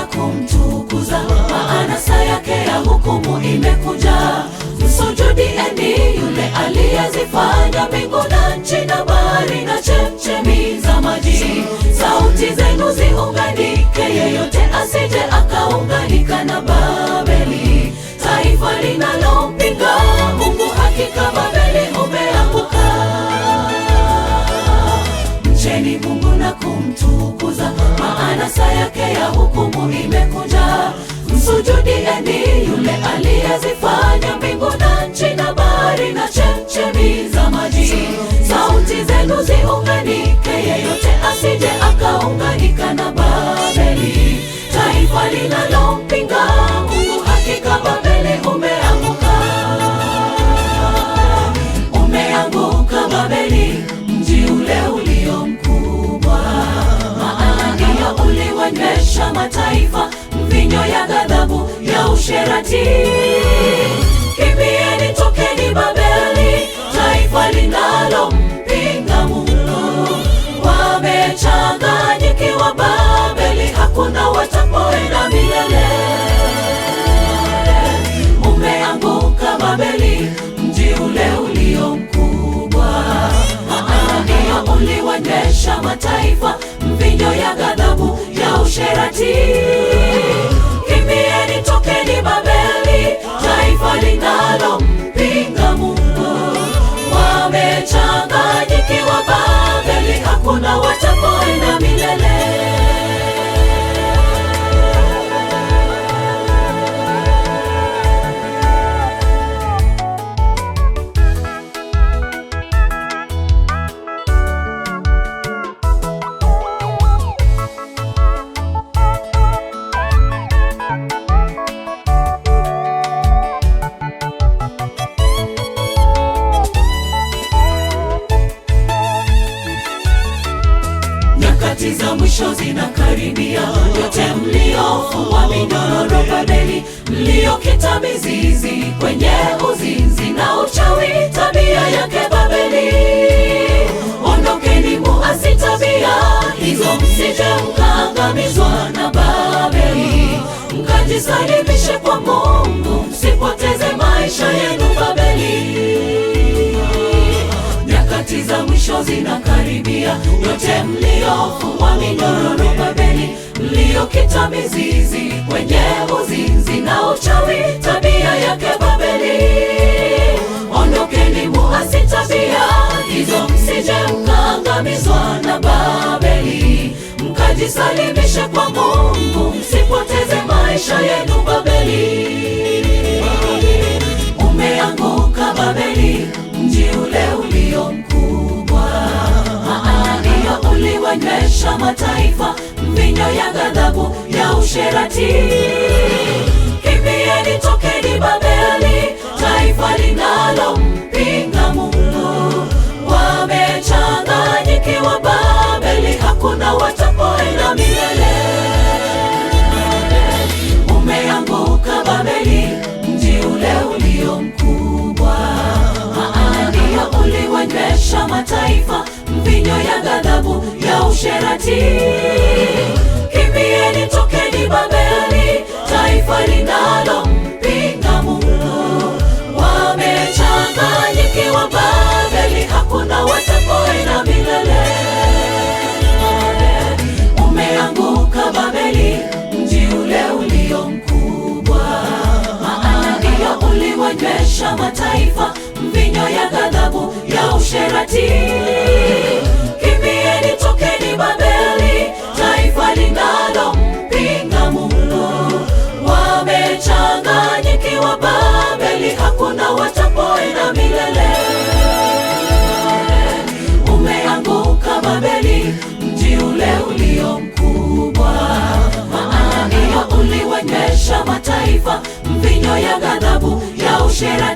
la kumtukuza, maana saa yake ya hukumu imekuja. Msujudieni yule aliyezifanya mbingu na nchi na bahari na chemchemi za maji. Sauti zenu ziunganike, yeyote asije akaunganika na Babeli, taifa linalompinga Mungu. Hakika Babeli Bwana saa yake ya hukumu imekuja, msujudieni yule aliyezifanya mbingu na nchi na bahari na chemchemi za maji. Sauti zenu ziunganike, yeyote asije Wakati kimbieni, tokeni Babeli, taifa linalompinga Mungu. Wamechanganyikiwa Babeli, hakuna watapoenda milele. Umeanguka Babeli, mji ule ulio mkubwa, ndio uliwendesha mataifa mvinyo ya ghadhabu ya usherati. nyakati za mwisho zinakaribia, yote mliofua minyororo Babeli, mliokita mizizi kwenye uzinzi na uchawi, tabia yake Babeli, ondokeni muasi tabia hizo, msije mkaangamizwa na Babeli, mkajisalimishe kwa Mungu. unyoofu wa minyororo Babeli, mliokita mizizi kwenye uzinzi na uchawi, tabia yake Babeli. Ondokeni muasi tabia hizo, msije mkaangamizwa na Babeli, mkajisalimishe kwa Mungu, msipoteze maisha yenu Babeli. Umeanguka Babeli, mji ule mataifa, mvinyo ya ghadhabu ya usherati uasherati. Kimbieni, tokeni Babeli, taifa linalompinga Mungu. Wamechanganyikiwa Babeli, hakuna watakoenda milele. Umeanguka Babeli, mji ule ulio mkubwa, maana ndiyo uliwanywesha mataifa mvinyo ya ghadhabu ya usherati. Será